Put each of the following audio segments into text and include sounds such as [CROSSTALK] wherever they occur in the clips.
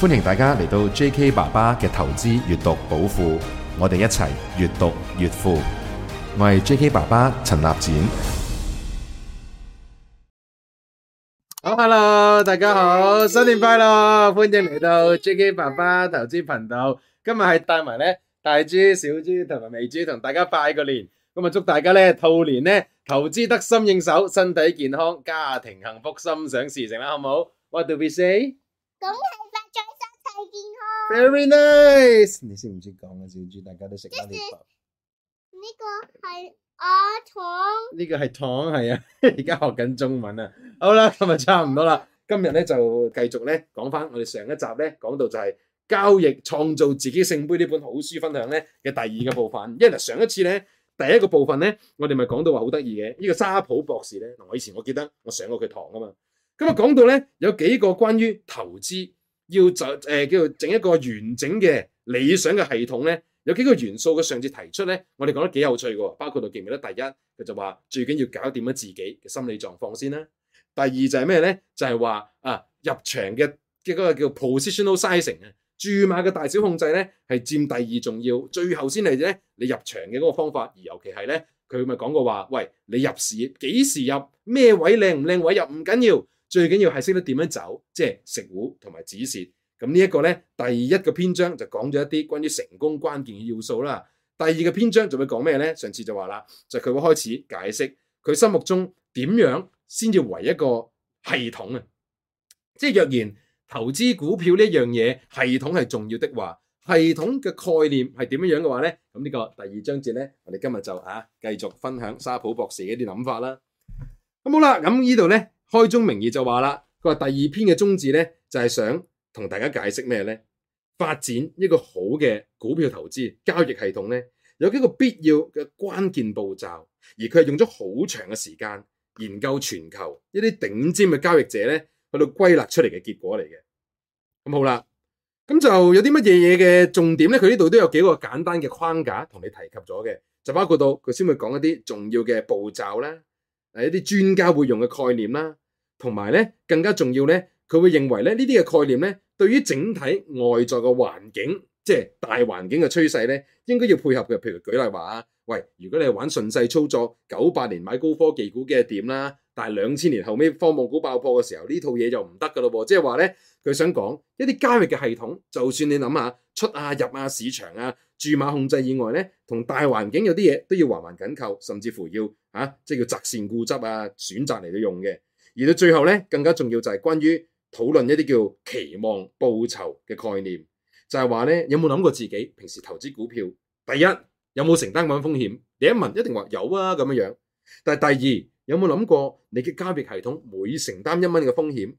歡迎大家嚟到 JK 爸爸嘅投資閱讀寶庫，我哋一齊越讀越富。我係 JK 爸爸陳立展。好，hello，大家好，新年快樂！歡迎嚟到 JK 爸爸投資頻道。今日係帶埋咧大豬、小豬同埋微豬同大家拜個年。咁啊，祝大家咧兔年咧投資得心應手，身體健康，家庭幸福，心想事成啦，好唔好？What do we say？講起。Very nice，你識唔識講啊？小豬，大家都食拉麵飯。呢、這個係阿、啊、糖，呢個係糖，係啊！而家學緊中文啊。好啦，咁啊差唔多啦。今日咧就繼續咧講翻我哋上一集咧講到就係交易創造自己聖杯呢本好書分享咧嘅第二個部分。因為上一次咧第一個部分咧我哋咪講到話好得意嘅，呢、這個沙普博士咧，我以前我記得我上過佢堂噶嘛。咁啊，講到咧有幾個關於投資。要就誒、呃、叫做整一個完整嘅理想嘅系統咧，有幾個元素嘅，上次提出咧，我哋講得幾有趣嘅喎，包括到記唔記得第一，佢就話最緊要搞掂咗自己嘅心理狀況先啦。第二就係咩咧？就係、是、話啊，入場嘅即嗰個叫 positional sizing 啊，sizing，注碼嘅大小控制咧係佔第二重要，最後先嚟咧你入場嘅嗰個方法，而尤其係咧佢咪講過話，喂，你入市幾時入，咩位靚唔靚位入唔緊要。美美美美最緊要係識得點樣走，即係食糊同埋止蝕。咁呢一個咧，第一個篇章就講咗一啲關於成功關鍵嘅要素啦。第二個篇章仲會講咩咧？上次就話啦，就佢、是、會開始解釋佢心目中點樣先至為一個系統啊。即係若然投資股票呢樣嘢系統係重要的話，系統嘅概念係點樣樣嘅話咧？咁呢個第二章節咧，我哋今日就啊繼續分享沙普博士嘅啲諗法啦。咁好啦，咁呢度咧。開宗明義就話啦，佢話第二篇嘅宗旨咧，就係、是、想同大家解釋咩咧？發展一個好嘅股票投資交易系統咧，有幾個必要嘅關鍵步驟，而佢係用咗好長嘅時間研究全球一啲頂尖嘅交易者咧，去到歸納出嚟嘅結果嚟嘅。咁、嗯、好啦，咁就有啲乜嘢嘢嘅重點咧？佢呢度都有幾個簡單嘅框架同你提及咗嘅，就包括到佢先會講一啲重要嘅步驟啦。係一啲專家會用嘅概念啦，同埋咧更加重要咧，佢會認為咧呢啲嘅概念咧，對於整體外在嘅環境，即係大環境嘅趨勢咧，應該要配合嘅。譬如舉例話啊，喂，如果你係玩順勢操作，九八年買高科技股嘅點啦，但係兩千年後尾科網股爆破嘅時候，呢套嘢就唔得㗎喇喎。即係話咧，佢想講一啲交易嘅系統，就算你諗下出啊入啊市場啊。注碼控制以外咧，同大環境有啲嘢，都要環環緊扣，甚至乎要啊，即係叫擇善固執啊，選擇嚟到用嘅。而到最後咧，更加重要就係關於討論一啲叫期望報酬嘅概念，就係話咧，有冇諗過自己平時投資股票，第一有冇承擔緊風險？你一問一定話有啊咁樣樣，但係第二有冇諗過你嘅交易系統每承擔一蚊嘅風險，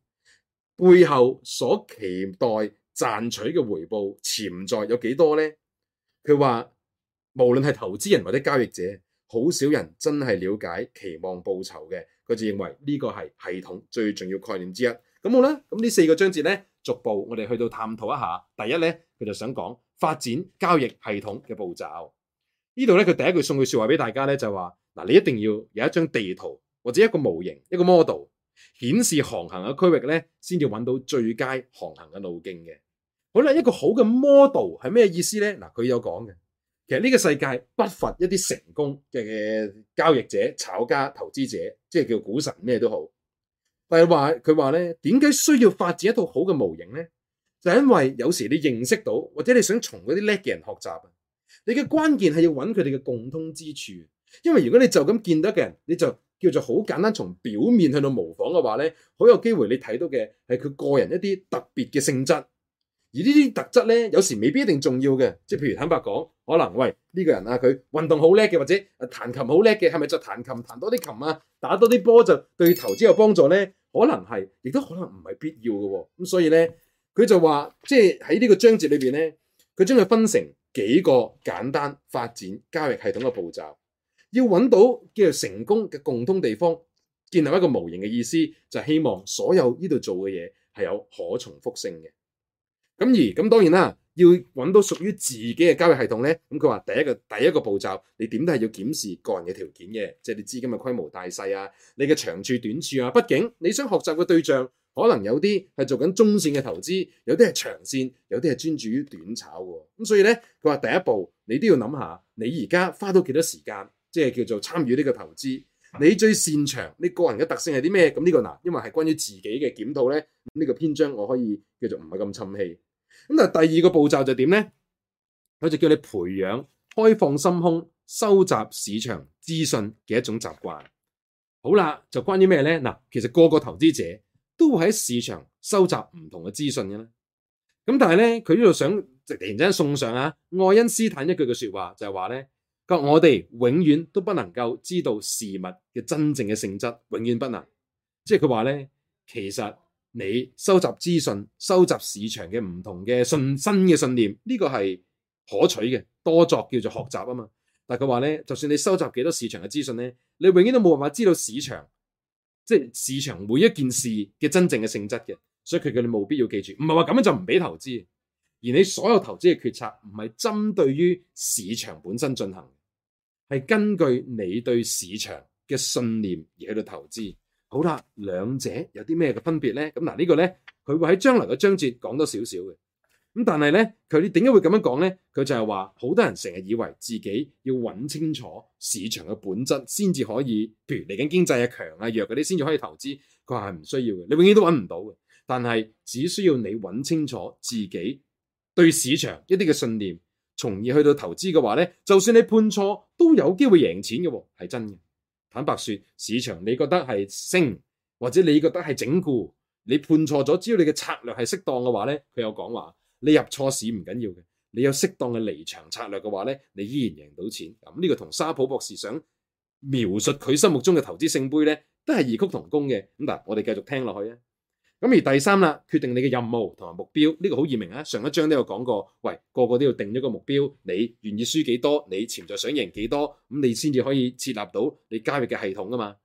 背後所期待賺取嘅回報潛在有幾多呢？佢話：無論係投資人或者交易者，好少人真係了解期望報酬嘅。佢就認為呢個係系統最重要概念之一。咁好啦，咁呢四個章節呢，逐步我哋去到探討一下。第一呢，佢就想講發展交易系統嘅步驟。呢度呢，佢第一句送句説話俾大家呢，就話：嗱，你一定要有一張地圖或者一個模型、一個 model 顯示航行嘅區域呢，先至揾到最佳航行嘅路徑嘅。好啦，一個好嘅 model 係咩意思咧？嗱，佢有講嘅，其實呢個世界不乏一啲成功嘅交易者、炒家、投資者，即係叫股神咩都好。但係話佢話咧，點解需要發展一套好嘅模型咧？就係因為有時你認識到或者你想從嗰啲叻嘅人學習啊，你嘅關鍵係要揾佢哋嘅共通之處。因為如果你就咁見到嘅人，你就叫做好簡單從表面去到模仿嘅話咧，好有機會你睇到嘅係佢個人一啲特別嘅性質。而呢啲特質咧，有時未必一定重要嘅。即係譬如坦白講，可能喂呢個人啊，佢運動好叻嘅，或者啊、彈琴好叻嘅，係咪就彈琴彈多啲琴啊，打多啲波就對投資有幫助呢？可能係，亦都可能唔係必要嘅、哦。咁所以呢，佢就話，即係喺呢個章節裏邊呢，佢將佢分成幾個簡單發展交易系統嘅步驟，要揾到叫做成功嘅共通地方，建立一個模型嘅意思，就係希望所有呢度做嘅嘢係有可重複性嘅。咁而咁當然啦，要揾到屬於自己嘅交易系統咧。咁佢話：第一個第一個步驟，你點都係要檢視個人嘅條件嘅，即係你資金嘅規模大細啊，你嘅長處短處啊。畢竟你想學習嘅對象，可能有啲係做緊中線嘅投資，有啲係長線，有啲係專注於短炒喎。咁所以咧，佢話第一步，你都要諗下，你而家花到幾多時間，即係叫做參與呢個投資，你最擅長，你個人嘅特性係啲咩？咁呢個嗱，因為係關於自己嘅檢討咧，呢個篇章我可以叫做唔係咁沉氣。咁就第二個步驟就點咧？佢就叫你培養開放心胸、收集市場資訊嘅一種習慣。好啦，就關於咩咧？嗱，其實個個投資者都會喺市場收集唔同嘅資訊嘅啦。咁但係咧，佢呢度想突然之間送上啊愛因斯坦一句嘅説話，就係話咧，「我哋永遠都不能夠知道事物嘅真正嘅性質，永遠不能。」即係佢話咧，其實。你收集資訊、收集市場嘅唔同嘅信、新嘅信念，呢、這個係可取嘅，多作叫做學習啊嘛。但係佢話咧，就算你收集幾多市場嘅資訊咧，你永遠都冇辦法知道市場，即係市場每一件事嘅真正嘅性質嘅，所以佢叫你冇必要記住，唔係話咁樣就唔俾投資。而你所有投資嘅決策，唔係針對於市場本身進行，係根據你對市場嘅信念而喺度投資。好啦，兩者有啲咩嘅分別呢？咁嗱，呢個呢，佢會喺將來嘅章節講多少少嘅。咁但係呢，佢哋點解會咁樣講呢？佢就係話，好多人成日以為自己要揾清楚市場嘅本質，先至可以，譬如嚟緊經濟嘅強啊弱嗰啲，先至可以投資。佢話係唔需要嘅，你永遠都揾唔到嘅。但係只需要你揾清楚自己對市場一啲嘅信念，從而去到投資嘅話呢，就算你判錯，都有機會贏錢嘅，係真嘅。坦白說，市場你覺得係升，或者你覺得係整固，你判錯咗。只要你嘅策略係適當嘅話呢，佢有講話你入錯市唔緊要嘅。你有適當嘅離場策略嘅話呢，你依然贏到錢。咁、這、呢個同沙普博士想描述佢心目中嘅投資聖杯呢，都係異曲同工嘅。咁嗱，我哋繼續聽落去。咁而第三啦，決定你嘅任務同埋目標，呢、這個好易明啊。上一章都有講過，喂，個個都要定咗個目標，你願意輸幾多，你潛在想贏幾多，咁你先至可以設立到你交易嘅系統㗎嘛。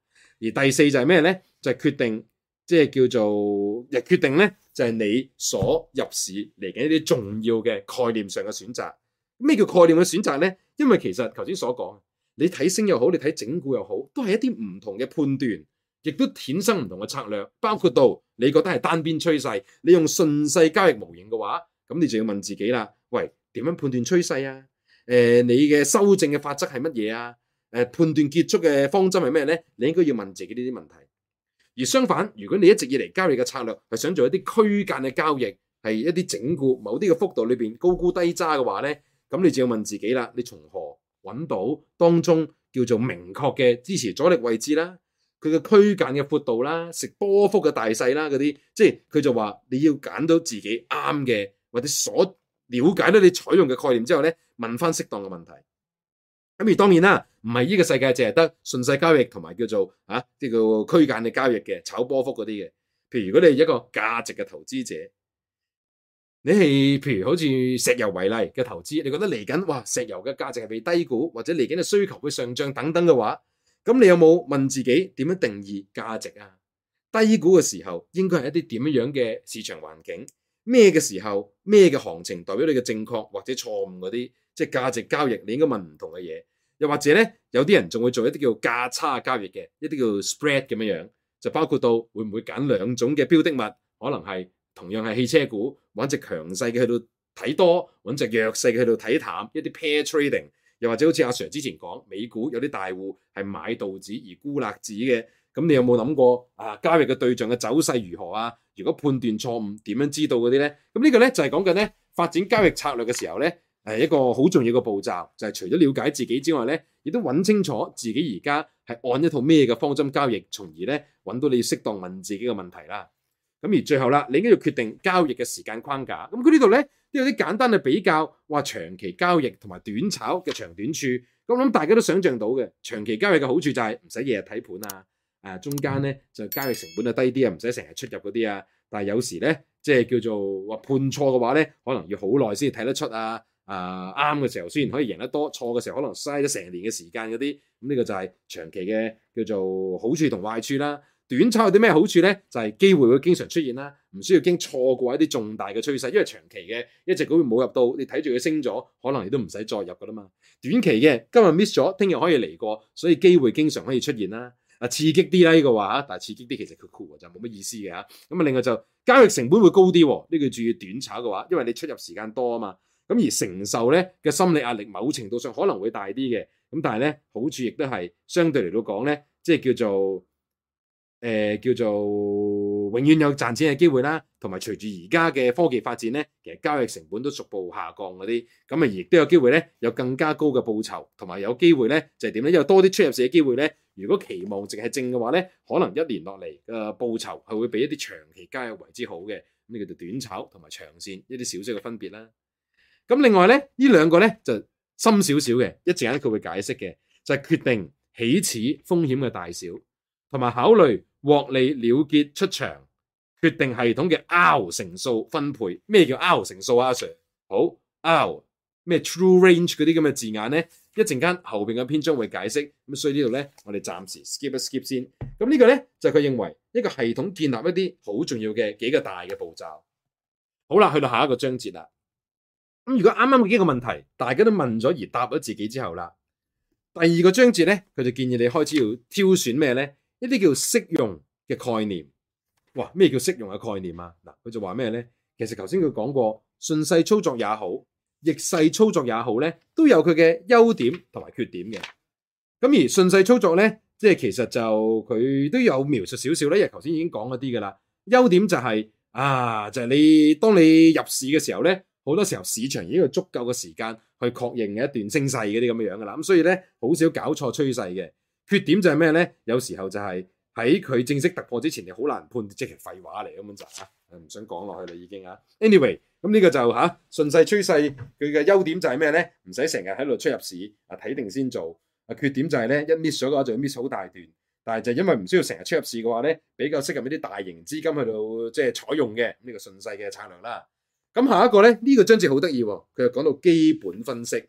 而第四就係咩呢？就係、是、決定，即、就、係、是、叫做亦決定呢，就係、是、你所入市嚟緊一啲重要嘅概念上嘅選擇。咩叫概念嘅選擇呢？因為其實頭先所講，你睇升又好，你睇整蠱又好，都係一啲唔同嘅判斷。亦都衍生唔同嘅策略，包括到你覺得係單邊趨勢，你用順勢交易模型嘅話，咁你就要問自己啦：喂，點樣判斷趨勢啊？誒、呃，你嘅修正嘅法則係乜嘢啊？誒、呃，判斷結束嘅方針係咩咧？你應該要問自己呢啲問題。而相反，如果你一直以嚟交易嘅策略係想做一啲區間嘅交易，係一啲整固某啲嘅幅度裏邊高沽低揸嘅話咧，咁你就要問自己啦：你從何揾到當中叫做明確嘅支持阻力位置啦。佢嘅區間嘅闊度啦，食波幅嘅大細啦，嗰啲即係佢就話你要揀到自己啱嘅，或者所了解到你採用嘅概念之後咧，問翻適當嘅問題。咁而當然啦，唔係呢個世界淨係得順勢交易同埋叫做啊啲叫、這個、區間嘅交易嘅炒波幅嗰啲嘅。譬如如果你係一個價值嘅投資者，你係譬如好似石油為例嘅投資，你覺得嚟緊哇石油嘅價值係被低估，或者嚟緊嘅需求會上漲等等嘅話。咁你有冇問自己點樣定義價值啊？低估嘅時候應該係一啲點樣樣嘅市場環境？咩嘅時候咩嘅行情代表你嘅正確或者錯誤嗰啲？即係價值交易你應該問唔同嘅嘢。又或者呢，有啲人仲會做一啲叫做價差交易嘅，一啲叫 spread 咁樣樣，就包括到會唔會揀兩種嘅標的物，可能係同樣係汽車股，揾隻強勢嘅去到睇多，揾隻弱勢嘅去到睇淡，一啲 pair trading。又或者好似阿 Sir 之前講，美股有啲大戶係買道指而沽納指嘅，咁你有冇諗過啊，交易嘅對象嘅走勢如何啊？如果判斷錯誤，點樣知道嗰啲呢？咁呢個呢，就係講緊咧發展交易策略嘅時候呢，係一個好重要嘅步驟，就係除咗了解自己之外呢，亦都揾清楚自己而家係按一套咩嘅方針交易，從而呢揾到你要適當問自己嘅問題啦。咁而最後啦，你應該要決定交易嘅時間框架。咁佢呢度呢。都有啲簡單嘅比較，話長期交易同埋短炒嘅長短處，我諗大家都想象到嘅。長期交易嘅好處就係唔使日日睇盤啊，誒中間咧就交易成本啊低啲啊，唔使成日出入嗰啲啊。但係有時咧，即係叫做判錯話判錯嘅話咧，可能要好耐先睇得出啊，啊啱嘅時候先可以贏得多，錯嘅時候可能嘥咗成年嘅時間嗰啲。咁、嗯、呢、這個就係長期嘅叫做好處同壞處啦。短炒有啲咩好處咧？就係、是、機會會經常出現啦。唔需要驚錯過一啲重大嘅趨勢，因為長期嘅一直佢會冇入到，你睇住佢升咗，可能你都唔使再入噶啦嘛。短期嘅今日 miss 咗，聽日可以嚟過，所以機會經常可以出現啦。啊，刺激啲啦呢個話，但係刺激啲其實佢 cool 就冇乜意思嘅嚇。咁啊，另外就交易成本會高啲，啊，呢個要注意短炒嘅話，因為你出入時間多啊嘛。咁而承受呢嘅心理壓力，某程度上可能會大啲嘅。咁但係呢，好處亦都係相對嚟到講呢，即係叫做誒叫做。呃叫做永遠有賺錢嘅機會啦，同埋隨住而家嘅科技發展咧，其實交易成本都逐步下降嗰啲，咁咪亦都有機會咧，有更加高嘅報酬，同埋有機會咧就係點咧？有多啲出入市嘅機會咧，如果期望值係正嘅話咧，可能一年落嚟嘅報酬係會比一啲長期交易為之好嘅，咁呢叫做短炒同埋長線一啲少少嘅分別啦。咁另外咧，呢兩個咧就深少少嘅，一陣間佢會解釋嘅，就係、是、決定起始風險嘅大小，同埋考慮。獲利了結出場，決定系統嘅 R 乘數分配。咩叫 R 乘數啊，Sir？好 R 咩 true range 嗰啲咁嘅字眼咧？一陣間後邊嘅篇章會解釋。咁所以呢度咧，我哋暫時 skip 一 skip 先。咁呢個咧就佢、是、認為一個系統建立一啲好重要嘅幾個大嘅步驟。好啦，去到下一個章節啦。咁如果啱啱嘅幾個問題大家都問咗而答咗自己之後啦，第二個章節咧，佢就建議你開始要挑選咩咧？呢啲叫適用嘅概念，哇！咩叫適用嘅概念啊？嗱，佢就話咩咧？其實頭先佢講過，順勢操作也好，逆勢操作也好咧，都有佢嘅優點同埋缺點嘅。咁而順勢操作咧，即係其實就佢都有描述少少咧，因為頭先已經講嗰啲噶啦。優點就係啊，就係你當你入市嘅時候咧，好多時候市場已經有足夠嘅時間去確認一段升勢嗰啲咁嘅樣噶啦。咁所以咧，好少搞錯趨勢嘅。缺點就係咩咧？有時候就係喺佢正式突破之前，你好難判。即係廢話嚟，根本就吓，唔想講落去啦已經 Anyway, 啊。Anyway，咁呢個就吓順勢趨勢，佢嘅優點就係咩咧？唔使成日喺度出入市啊，睇定先做。啊，缺點就係、是、咧，一 miss 咗嘅話，就要 miss 好大段。但係就是因為唔需要成日出入市嘅話咧，比較適合一啲大型資金去到即係採用嘅呢、這個順勢嘅策略啦。咁下一個咧，呢、這個章節好得意，佢又講到基本分析。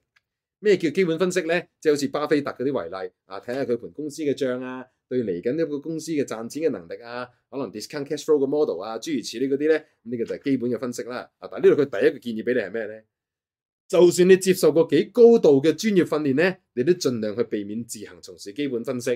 咩叫基本分析呢？即係好似巴菲特嗰啲為例啊，睇下佢盤公司嘅帳啊，對嚟緊一個公司嘅賺錢嘅能力啊，可能 discount cash flow 嘅 model 啊，諸如此類嗰啲呢，咁、這、呢個就係基本嘅分析啦。啊，但係呢度佢第一個建議俾你係咩呢？就算你接受過幾高度嘅專業訓練呢，你都盡量去避免自行從事基本分析。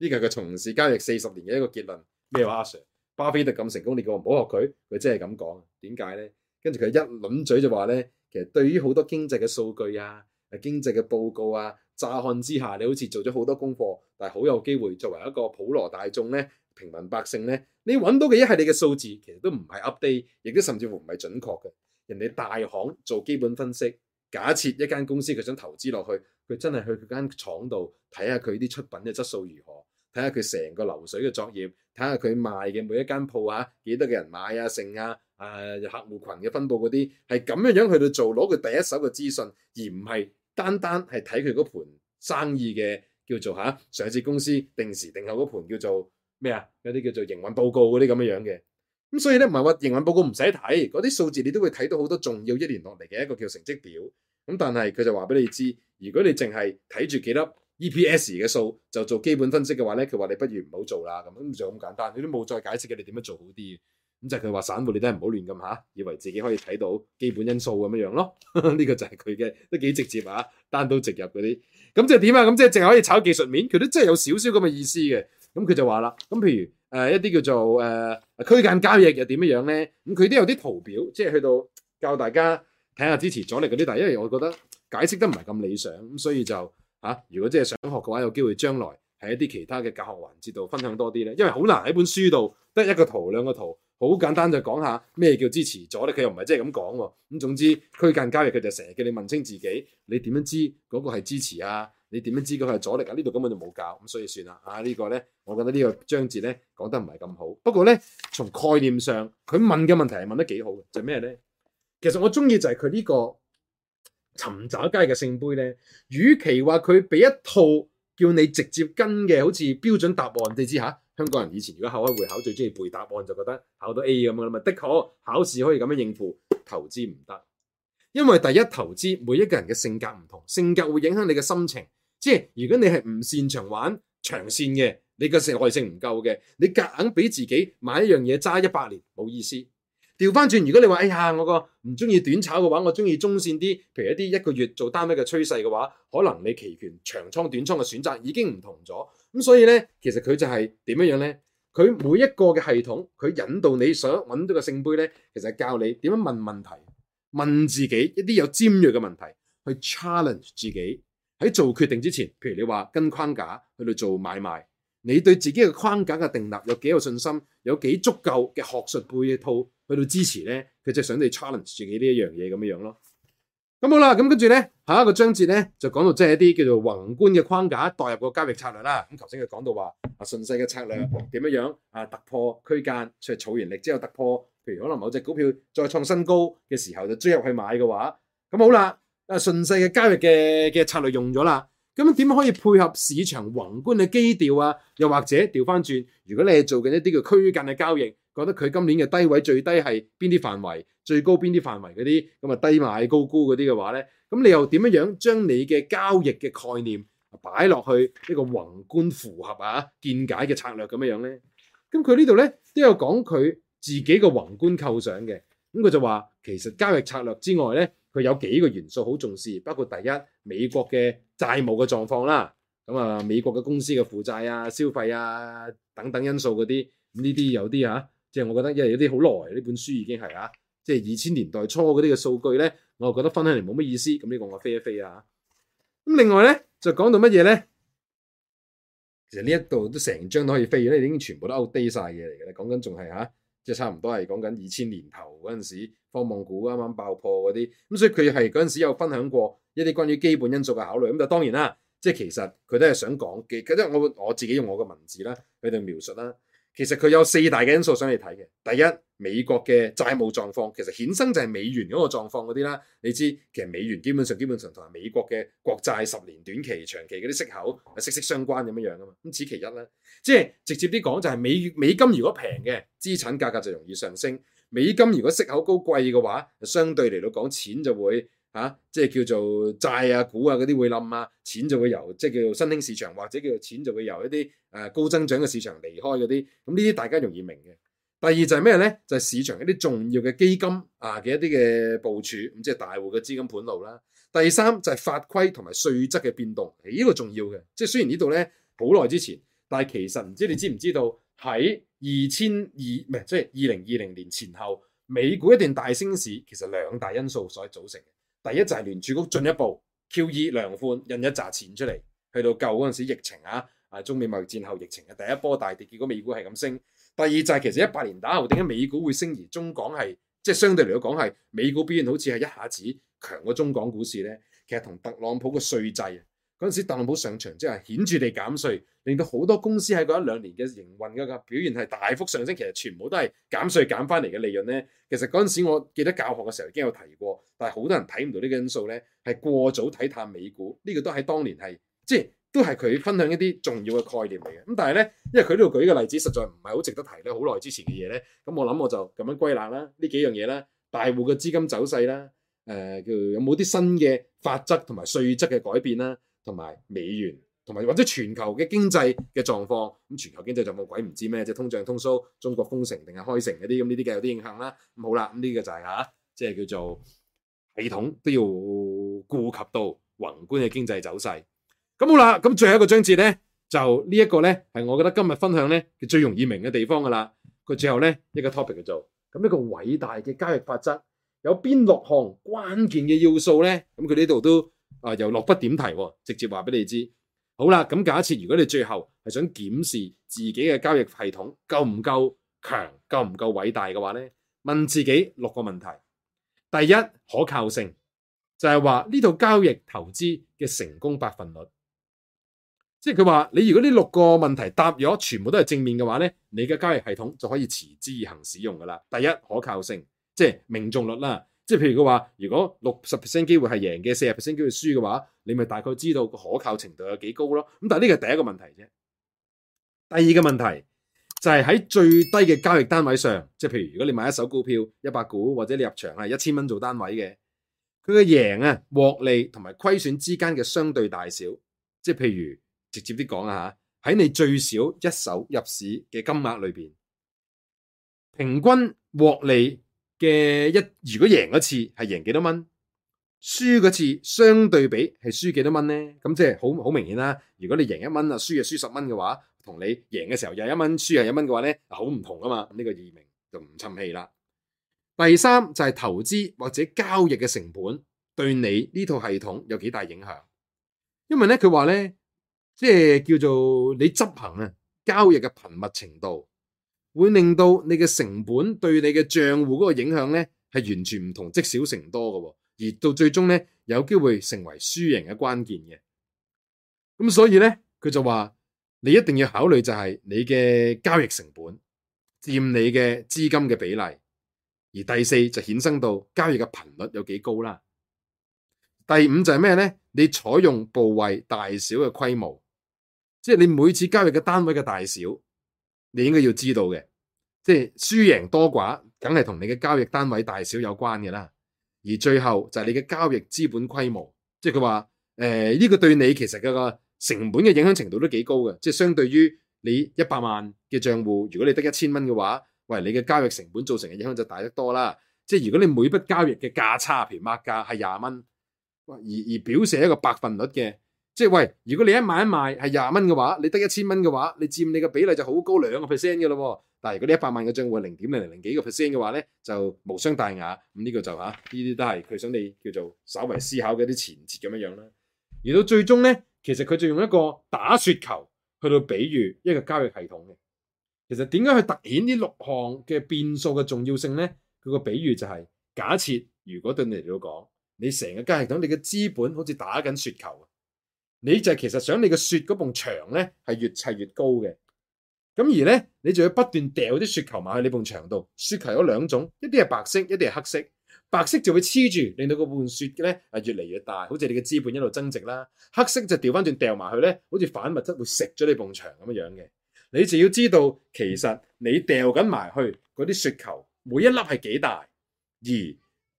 呢個係佢從事交易四十年嘅一個結論。咩話啊，Sir？巴菲特咁成功，你叫我唔好學佢，佢真係咁講。點解呢？跟住佢一輪嘴就話呢：「其實對於好多經濟嘅數據啊～係經濟嘅報告啊，乍看之下，你好似做咗好多功課，但係好有機會作為一個普羅大眾呢，平民百姓呢，你揾到嘅一系列嘅數字，其實都唔係 update，亦都甚至乎唔係準確嘅。人哋大行做基本分析，假設一間公司佢想投資落去，佢真係去佢間廠度睇下佢啲出品嘅質素如何，睇下佢成個流水嘅作業，睇下佢賣嘅每一間鋪啊，幾多嘅人買啊，剩啊。誒、啊、客戶群嘅分布嗰啲係咁樣樣去到做，攞佢第一手嘅資訊，而唔係單單係睇佢嗰盤生意嘅叫做嚇、啊、上市公司定時定候嗰盤叫做咩啊？嗰啲叫做營運報告嗰啲咁樣樣嘅。咁、嗯、所以咧，唔係話營運報告唔使睇，嗰啲數字你都會睇到好多重要，一年落嚟嘅一個叫成績表。咁、嗯、但係佢就話俾你知，如果你淨係睇住幾粒 E P S 嘅數就做基本分析嘅話咧，佢話你不如唔好做啦咁，就咁簡單，你都冇再解釋嘅你點樣做好啲。咁就佢話散戶你都係唔好亂咁吓，以為自己可以睇到基本因素咁樣樣咯。呢 [LAUGHS] 個就係佢嘅都幾直接啊，單刀直入嗰啲。咁即係點啊？咁即係淨係可以炒技術面，佢都真係有少少咁嘅意思嘅。咁佢就話啦，咁譬如誒、呃、一啲叫做誒區間交易又點樣樣咧？咁佢都有啲圖表，即係去到教大家睇下支持阻力嗰啲。但係因為我覺得解釋得唔係咁理想，咁所以就吓、啊，如果即係想學嘅話，有機會將來喺一啲其他嘅教學環節度分享多啲咧。因為好難喺本書度得一個圖兩個圖。好簡單就講下咩叫支持阻力，佢又唔係即係咁講喎。咁總之區間交易佢就成日叫你問清自己，你點樣知嗰個係支持啊？你點樣知嗰個係阻力啊？呢度根本就冇教，咁所以算啦。啊，這個、呢個咧，我覺得呢個章節咧講得唔係咁好。不過咧，從概念上佢問嘅問題係問得幾好嘅，就咩、是、咧？其實我中意就係佢呢個尋找交易嘅聖杯咧。與其話佢俾一套叫你直接跟嘅，好似標準答案，你知吓。啊。香港人以前如果一考開會考，最中意背答案，就覺得考到 A 咁噶啦嘛。的確考試可以咁樣應付，投資唔得，因為第一投資每一個人嘅性格唔同，性格會影響你嘅心情。即係如果你係唔擅長玩長線嘅，你嘅耐性唔夠嘅，你夾硬俾自己買一樣嘢揸一百年冇意思。調翻轉，如果你話哎呀我個唔中意短炒嘅話，我中意中線啲，譬如一啲一個月做單位嘅趨勢嘅話，可能你期權長倉短倉嘅選擇已經唔同咗。咁所以咧，其實佢就係點樣樣咧？佢每一個嘅系統，佢引導你想揾到個聖杯咧，其實係教你點樣問問題，問自己一啲有尖鋭嘅問題，去 challenge 自己喺做決定之前。譬如你話跟框架去到做買賣，你對自己嘅框架嘅定立有幾有信心，有幾足夠嘅學術配套去到支持咧，佢就想你 challenge 自己呢一樣嘢咁樣樣咯。咁好啦，咁跟住咧，下一個章節咧就講到即係一啲叫做宏觀嘅框架代入個交易策略啦。咁頭先佢講到話、啊、順勢嘅策略點樣樣啊，突破區間，即係儲完力之後突破。譬如可能某隻股票再創新高嘅時候就追入去買嘅話，咁好啦，啊順勢嘅交易嘅嘅策略用咗啦。咁點可以配合市場宏觀嘅基調啊？又或者調返轉，如果你係做緊一啲叫區間嘅交易？覺得佢今年嘅低位最低係邊啲範圍，最高邊啲範圍嗰啲，咁啊低買高沽嗰啲嘅話咧，咁你又點樣樣將你嘅交易嘅概念擺落去一個宏觀符合啊見解嘅策略咁樣樣咧？咁佢呢度咧都有講佢自己嘅宏觀構想嘅，咁佢就話其實交易策略之外咧，佢有幾個元素好重視，包括第一美國嘅債務嘅狀況啦，咁啊美國嘅公司嘅負債啊、消費啊等等因素嗰啲，呢啲有啲嚇、啊。即係我覺得因為有啲好耐，呢本書已經係啊，即係二千年代初嗰啲嘅數據咧，我又覺得分享嚟，冇乜意思。咁呢個我飛一飛啊。咁另外咧，就講到乜嘢咧？其實呢一度都成張都可以飛嘅，已經全部都 out day 晒嘢嚟嘅啦。講緊仲係吓，即係差唔多係講緊二千年頭嗰陣時，科網股啱啱爆破嗰啲。咁所以佢係嗰陣時有分享過一啲關於基本因素嘅考慮。咁就係當然啦，即係其實佢都係想講嘅。即係我我自己用我嘅文字啦，去嚟描述啦。其實佢有四大嘅因素想你睇嘅。第一，美國嘅債務狀況，其實衍生就係美元嗰個狀況嗰啲啦。你知其實美元基本上基本上同埋美國嘅國債十年短期、長期嗰啲息口係息息相關咁樣樣噶嘛。咁此其一啦。即係直接啲講就係美、美金如果平嘅資產價格就容易上升。美金如果息口高貴嘅話，相對嚟到講錢就會。吓、啊，即係叫做債啊、股啊嗰啲會冧啊，錢就會由即係叫做新興市場或者叫做錢就會由一啲誒、呃、高增長嘅市場離開嗰啲，咁呢啲大家容易明嘅。第二就係咩呢？就係、是、市場一啲重要嘅基金啊嘅一啲嘅部署，咁、嗯、即係大戶嘅資金盤路啦。第三就係法規同埋稅則嘅變動，呢、呢個重要嘅。即係雖然呢度呢好耐之前，但係其實唔知你知唔知道喺二千二唔係即係二零二零年前後美股一段大升市，其實兩大因素所組成嘅。第一就係聯儲局進一步 QE 量寬，印一紮錢出嚟，去到舊嗰陣時疫情啊，啊中美貿易戰後疫情嘅第一波大跌，結果美股係咁升。第二就係其實一八年打後，點解美股會升而中港係即係相對嚟講係美股表現好似係一下子強過中港股市咧？其實同特朗普嘅稅制。嗰陣特朗普上場之後，顯著地減稅，令到好多公司喺嗰一兩年嘅營運嘅表現係大幅上升。其實全部都係減稅減翻嚟嘅利潤呢。其實嗰陣時，我記得教學嘅時候已經有提過，但係好多人睇唔到呢個因素呢，係過早睇淡美股。呢、這個都係當年係即係都係佢分享一啲重要嘅概念嚟嘅。咁但係呢，因為佢呢度舉嘅例子實在唔係好值得提咧，好耐之前嘅嘢呢，咁我諗我就咁樣歸納啦，呢幾樣嘢啦，大戶嘅資金走勢啦，誒、呃、叫有冇啲新嘅法則同埋稅則嘅改變啦。同埋美元，同埋或者全球嘅經濟嘅狀況，咁全球經濟就冇鬼唔知咩，即係通脹通縮，中國封城定係開城嗰啲，咁呢啲嘅有啲影響啦。咁、嗯、好啦，咁呢個就係、是、啊，即、就、係、是、叫做系統都要顧及到宏觀嘅經濟走勢。咁、嗯、好啦，咁、嗯、最後一個章節咧，就呢一個咧係我覺得今日分享咧最容易明嘅地方㗎啦。佢最後咧一個 topic 嚟做，咁一個偉大嘅交易法則有邊六項關鍵嘅要素咧？咁佢呢度都。啊，又落筆點題，哦，直接話俾你知。好啦，咁、嗯、假設如果你最後係想檢視自己嘅交易系統夠唔夠強，夠唔夠偉大嘅話呢，問自己六個問題。第一，可靠性就係話呢套交易投資嘅成功百分率。即係佢話你如果呢六個問題答咗全部都係正面嘅話呢，你嘅交易系統就可以持之以恆使用噶啦。第一，可靠性即係、就是、命中率啦。即係譬如佢話，如果六十 percent 機會係贏嘅，四十 percent 機會輸嘅話，你咪大概知道個可靠程度有幾高咯。咁但係呢個係第一個問題啫。第二個問題就係、是、喺最低嘅交易單位上，即係譬如如果你買一手股票一百股，或者你入場係一千蚊做單位嘅，佢嘅贏啊獲利同埋虧損之間嘅相對大小，即係譬如直接啲講下，喺你最少一手入市嘅金額裏邊，平均獲利。嘅一如果贏一次係贏幾多蚊，輸一次相對比係輸幾多蚊咧？咁即係好好明顯啦。如果你贏一蚊啊，輸就輸十蚊嘅話，同你贏嘅時候又一蚊，輸又一蚊嘅話咧，好唔同啊嘛。呢個二名就唔趁氣啦。第三就係、是、投資或者交易嘅成本對你呢套系統有幾大影響？因為咧佢話咧，即係叫做你執行咧交易嘅頻密程度，會令到你嘅成本對你嘅賬戶嗰個影響咧，係完全唔同積少成多嘅，而到最終咧，有機會成為輸贏嘅關鍵嘅。咁所以咧，佢就話你一定要考慮就係你嘅交易成本佔你嘅資金嘅比例，而第四就衍生到交易嘅頻率有幾高啦。第五就係咩咧？你採用部位大小嘅規模，即係你每次交易嘅單位嘅大小。你應該要知道嘅，即係輸贏多寡，梗係同你嘅交易單位大小有關嘅啦。而最後就係你嘅交易資本規模，即係佢話，誒、呃、呢、這個對你其實個成本嘅影響程度都幾高嘅。即係相對於你一百萬嘅賬戶，如果你得一千蚊嘅話，喂你嘅交易成本造成嘅影響就大得多啦。即係如果你每筆交易嘅價差，譬如擘價係廿蚊，而而表示一個百分率嘅。即係喂，如果你一買一賣係廿蚊嘅話，你得一千蚊嘅話，你佔你嘅比例就好高兩個 percent 嘅咯。但係如果你一百萬嘅賬戶係零點零零零幾個 percent 嘅話咧，就無傷大雅。咁、嗯、呢、這個就吓，呢、啊、啲都係佢想你叫做稍為思考嘅一啲前設咁樣樣啦。而到最終咧，其實佢就用一個打雪球去到比喻一個交易系統嘅。其實點解佢突顯呢六項嘅變數嘅重要性咧？佢個比喻就係、是、假設如果對你嚟到講，你成個交易系統你嘅資本好似打緊雪球。你就係其實想你個雪嗰埲牆咧係越砌越高嘅，咁而咧你就要不斷掉啲雪球埋去呢埲牆度。雪球有兩種，一啲係白色，一啲係黑色。白色就會黐住，令到個埲雪咧係越嚟越大，好似你嘅資本一路增值啦。黑色就掉翻轉掉埋去咧，好似反物質會食咗呢埲牆咁樣樣嘅。你就要知道，其實你掉緊埋去嗰啲雪球每一粒係幾大，而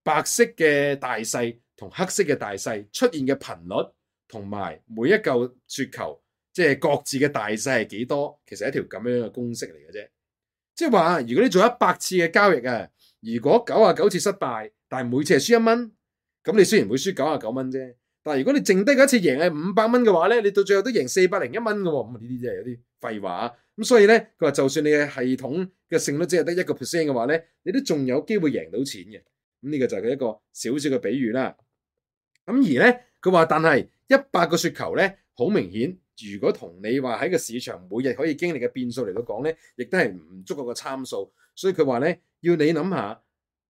白色嘅大細同黑色嘅大細出現嘅頻率。同埋每一嚿雪球，即係各自嘅大細係幾多？其實一條咁樣嘅公式嚟嘅啫。即係話，如果你做一百次嘅交易啊，如果九啊九次失敗，但係每次係輸一蚊，咁你雖然會輸九啊九蚊啫。但係如果你剩低一次贏係五百蚊嘅話咧，你到最後都贏四百零一蚊嘅喎。咁呢啲真係有啲廢話。咁所以咧，佢話就算你嘅系統嘅勝率只係得一個 percent 嘅話咧，你都仲有機會贏到錢嘅。咁呢個就係佢一個小小嘅比喻啦。咁而咧，佢話但係。一百個雪球呢，好明顯，如果同你話喺個市場每日可以經歷嘅變數嚟到講呢，亦都係唔足夠嘅參數。所以佢話呢，要你諗下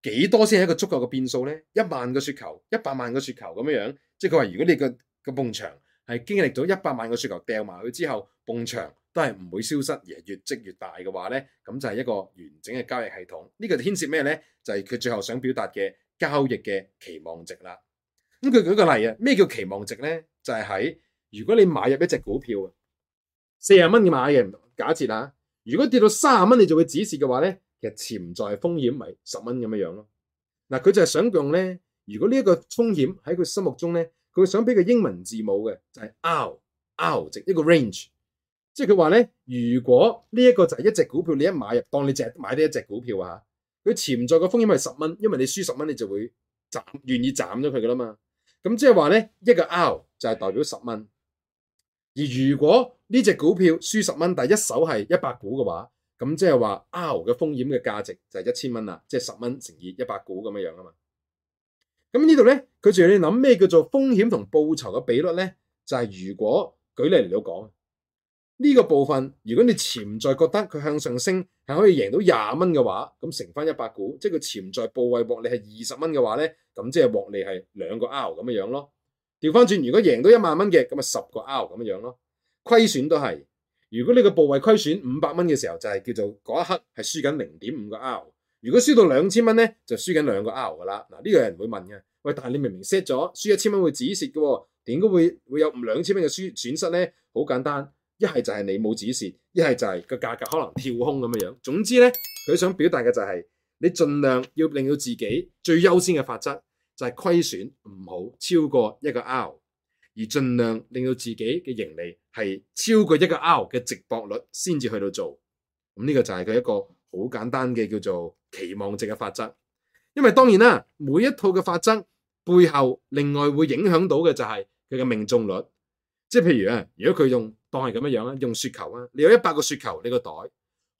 幾多先係一個足夠嘅變數呢？一萬個雪球，一百萬個雪球咁樣樣，即係佢話如果你個個蹦牆係經歷咗一百萬個雪球掉埋去之後，蹦牆都係唔會消失而係越積越大嘅話呢，咁就係一個完整嘅交易系統。呢個牽涉咩呢？就係佢最後想表達嘅交易嘅期望值啦。咁佢舉個例啊，咩叫期望值咧？就係、是、喺如果你買入一隻股票啊，四十蚊嘅買嘅，假設啊，如果跌到三十蚊，你就會止蝕嘅話咧，其實潛在風險咪十蚊咁樣樣咯。嗱，佢就係想用咧，如果呢一個風險喺佢心目中咧，佢想俾佢英文字母嘅，就係、是、R，R 值一個 range，即係佢話咧，如果呢一個就係一隻股票，你一買入當你淨買得一隻股票啊，佢潛在嘅風險係十蚊，因為你輸十蚊你就會斬，願意斬咗佢噶啦嘛。咁即係話咧，一個 R 就係代表十蚊。而如果呢隻股票輸十蚊，但係一手係一百股嘅話，咁即係話 R 嘅風險嘅價值就係一千蚊啦，即係十蚊乘以一百股咁樣樣啊嘛。咁呢度咧，佢仲要你諗咩叫做風險同報酬嘅比率咧？就係如果舉例嚟到講。呢個部分，如果你潛在覺得佢向上升係可以贏到廿蚊嘅話，咁乘翻一百股，即係佢潛在部位獲利係二十蚊嘅話呢，咁即係獲利係兩個 R 咁樣樣咯。調翻轉，如果贏到一萬蚊嘅，咁啊十個 R 咁樣樣咯。虧損都係，如果你個部位虧損五百蚊嘅時候，就係、是、叫做嗰一刻係輸緊零點五個 R。如果輸到兩千蚊呢，就輸緊兩個 R 㗎啦。嗱、這、呢個人會問嘅，喂，但係你明明 set 咗，輸一千蚊會止蝕嘅、哦，點解會會有兩千蚊嘅輸損失呢？」好簡單。一係就係你冇指示，一係就係個價格可能跳空咁樣樣。總之呢，佢想表達嘅就係、是、你盡量要令到自己最優先嘅法則就係、是、虧損唔好超過一個 R，而盡量令到自己嘅盈利係超過一個 R 嘅值博率先至去到做。咁呢個就係佢一個好簡單嘅叫做期望值嘅法則。因為當然啦，每一套嘅法則背後另外會影響到嘅就係佢嘅命中率。即係譬如啊，如果佢用當係咁樣樣啦，用雪球啦，你有一百個雪球，你個袋，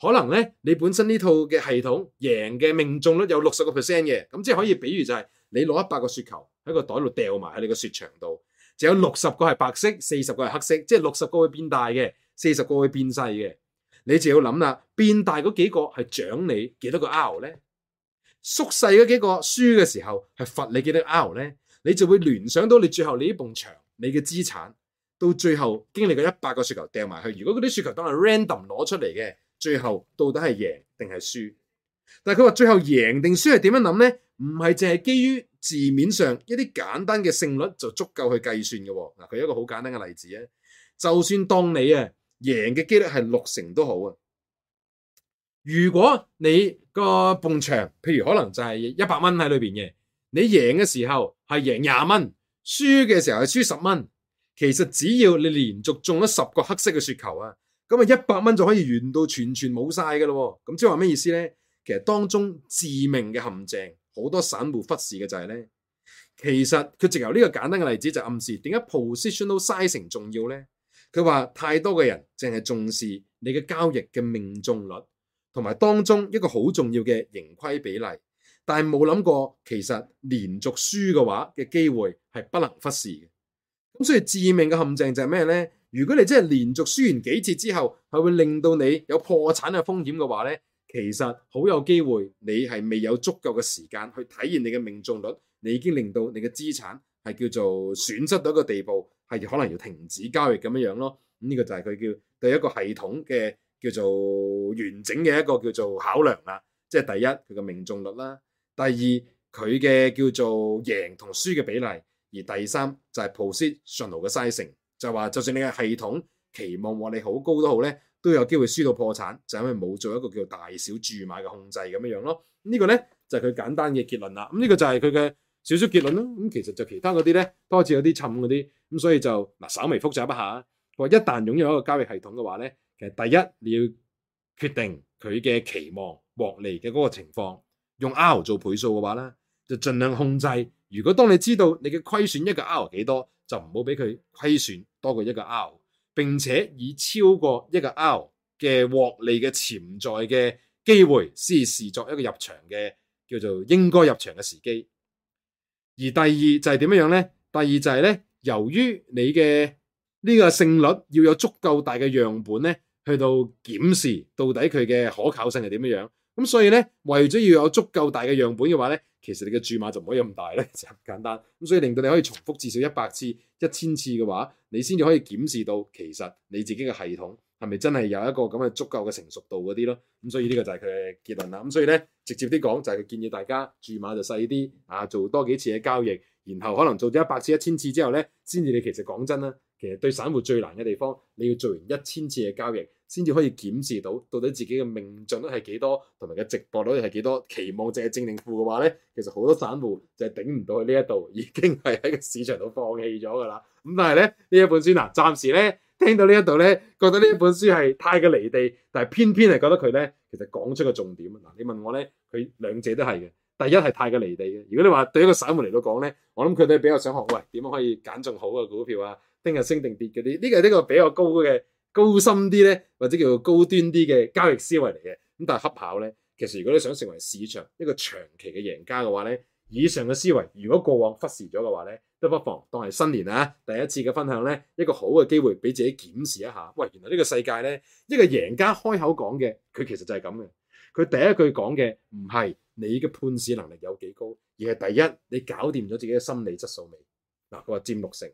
可能咧你本身呢套嘅系統贏嘅命中率有六十個 percent 嘅，咁即係可以，比喻就係、是、你攞一百個雪球喺個袋度掉埋喺你個雪場度，就有六十個係白色，四十個係黑色，即係六十個會變大嘅，四十個會變細嘅，你就要諗啦，變大嗰幾個係獎你幾多個 R 呢？縮細嗰幾個輸嘅時候係罰你幾多 R 呢？你就會聯想到你最後你呢埲牆你嘅資產。到最後經歷過一百個雪球掟埋去，如果嗰啲雪球當係 random 攞出嚟嘅，最後到底係贏定係輸？但係佢話最後贏定輸係點樣諗咧？唔係淨係基於字面上一啲簡單嘅勝率就足夠去計算嘅喎。嗱，佢有一個好簡單嘅例子啊，就算當你啊贏嘅幾率係六成都好啊，如果你個盤場，譬如可能就係一百蚊喺裏邊嘅，你贏嘅時候係贏廿蚊，輸嘅時候係輸十蚊。其實只要你連續中咗十個黑色嘅雪球啊，咁啊一百蚊就可以完到全全冇晒噶咯。咁即係話咩意思呢？其實當中致命嘅陷阱，好多散戶忽視嘅就係呢。其實佢藉由呢個簡單嘅例子就暗示，點解 positional sizing 重要呢？佢話太多嘅人淨係重視你嘅交易嘅命中率，同埋當中一個好重要嘅盈虧比例，但係冇諗過其實連續輸嘅話嘅機會係不能忽視嘅。咁所以致命嘅陷阱就係咩呢？如果你真係連續輸完幾次之後，係會令到你有破產嘅風險嘅話呢，其實好有機會你係未有足夠嘅時間去體驗你嘅命中率，你已經令到你嘅資產係叫做損失到一個地步，係可能要停止交易咁樣樣咯。呢、嗯這個就係佢叫對一個系統嘅叫做完整嘅一個叫做考量啦。即係第一佢嘅命中率啦，第二佢嘅叫做贏同輸嘅比例。而第三就係 position sizing，就話、是、就，就算你嘅系統期望獲利好高都好咧，都有機會輸到破產，就是、因為冇做一個叫大小注買嘅控制咁樣樣咯。這個、呢個咧就係、是、佢簡單嘅結論啦。咁、這、呢個就係佢嘅少少結論啦。咁其實就其他嗰啲咧，多似有啲沉嗰啲咁，所以就嗱稍微複雜一下。話一旦擁有一個交易系統嘅話咧，其實第一你要決定佢嘅期望獲利嘅嗰個情況，用 R 做倍數嘅話咧，就盡量控制。如果當你知道你嘅虧損一個 R 幾多，就唔好俾佢虧損多過一個 R。並且以超過一個 R 嘅獲利嘅潛在嘅機會，先視作一個入場嘅叫做應該入場嘅時機。而第二就係點樣樣呢？第二就係呢，由於你嘅呢個勝率要有足夠大嘅樣本呢，去到檢視到底佢嘅可靠性係點樣樣。咁所以呢，為咗要有足夠大嘅樣本嘅話呢。其實你嘅注碼就唔可以咁大咧，就咁簡單咁，所以令到你可以重複至少一百次、一千次嘅話，你先至可以檢視到，其實你自己嘅系統係咪真係有一個咁嘅足夠嘅成熟度嗰啲咯。咁所，所以呢個就係佢嘅結論啦。咁所以咧，直接啲講就係、是、佢建議大家注碼就細啲，啊做多幾次嘅交易，然後可能做咗一百次、一千次之後咧，先至你其實講真啦，其實對散戶最難嘅地方，你要做完一千次嘅交易。先至可以檢視到到底自己嘅命中率係幾多，同埋嘅值博率係幾多？期望值正定負嘅話咧，其實好多散戶就係頂唔到去呢一度，已經係喺個市場度放棄咗噶啦。咁但係咧呢一本書啊，暫時咧聽到呢一度咧，覺得呢一本書係太過離地，但係偏偏係覺得佢咧其實講出個重點嗱，你問我咧，佢兩者都係嘅。第一係太過離地嘅。如果你話對一個散戶嚟到講咧，我諗佢都比較想學，喂，點樣可以揀中好嘅股票啊？聽日升定跌嗰啲，呢個呢個比較高嘅。高深啲呢，或者叫做高端啲嘅交易思維嚟嘅，咁但係恰巧呢，其實如果你想成為市場一個長期嘅贏家嘅話呢，以上嘅思維如果過往忽視咗嘅話呢，都不妨當係新年啊第一次嘅分享呢，一個好嘅機會俾自己檢視一下。喂，原來呢個世界呢，一個贏家開口講嘅，佢其實就係咁嘅。佢第一句講嘅唔係你嘅判市能力有幾高，而係第一你搞掂咗自己嘅心理質素未嗱，佢話佔六成。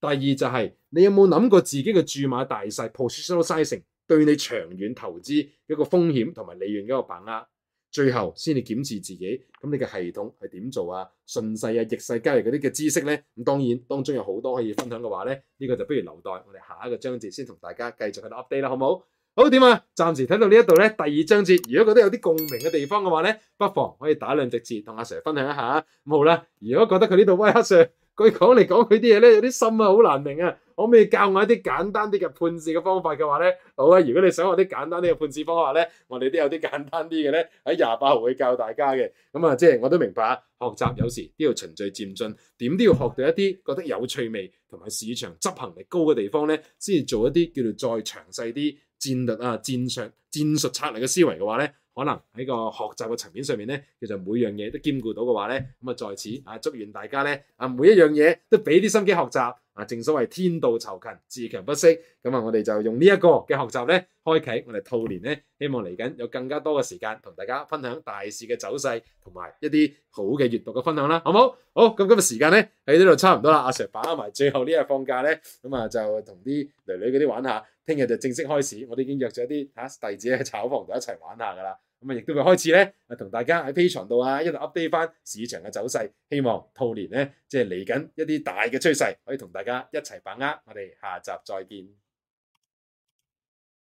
第二就係、是、你有冇諗過自己嘅注碼大細 （positional sizing） 對你長遠投資一個風險同埋利潤嘅一個把握，最後先嚟檢視自己。咁你嘅系統係點做啊？順勢啊、逆勢交易嗰啲嘅知識呢，咁當然當中有好多可以分享嘅話呢，呢、這個就不如留待我哋下一個章節先同大家繼續去 update 啦，好唔好？好點啊？暫時睇到呢一度呢。第二章節。如果覺得有啲共鳴嘅地方嘅話呢，不妨可以打兩隻字同阿 Sir 分享一下。嗯、好啦。如果覺得佢呢度威，阿、啊、Sir。啊啊佢講嚟講去啲嘢咧，有啲深啊，好難明啊！可唔可以教我一啲簡單啲嘅判市嘅方法嘅話咧？好啊！如果你想學啲簡單啲嘅判市方法咧，我哋都有啲簡單啲嘅咧，喺廿八號會教大家嘅。咁、嗯、啊，即係我都明白啊，學習有時都要循序漸進，點都要學到一啲覺得有趣味同埋市場執行力高嘅地方咧，先至做一啲叫做再詳細啲戰略啊、戰術、戰術策略嘅思維嘅話咧。可能喺個學習嘅層面上面咧，其實每樣嘢都兼顧到嘅話咧，咁啊在此啊，祝願大家咧啊，每一樣嘢都俾啲心機學習啊，正所謂天道酬勤，自強不息。咁啊，我哋就用呢一個嘅學習咧，開啟我哋兔年咧，希望嚟緊有更加多嘅時間同大家分享大市嘅走勢同埋一啲好嘅閱讀嘅分享啦，好唔好？好，咁今日時間咧喺呢度差唔多啦，阿 Sir 把握埋最後呢日放假咧，咁啊就同啲女女嗰啲玩下。聽日就正式開始，我哋已經約咗啲嚇弟子喺炒房度一齊玩一下噶啦，咁啊亦都會開始咧，同大家喺 P 場度啊一路 update 翻市場嘅走勢，希望兔年咧，即係嚟緊一啲大嘅趨勢，可以同大家一齊把握。我哋下集再見。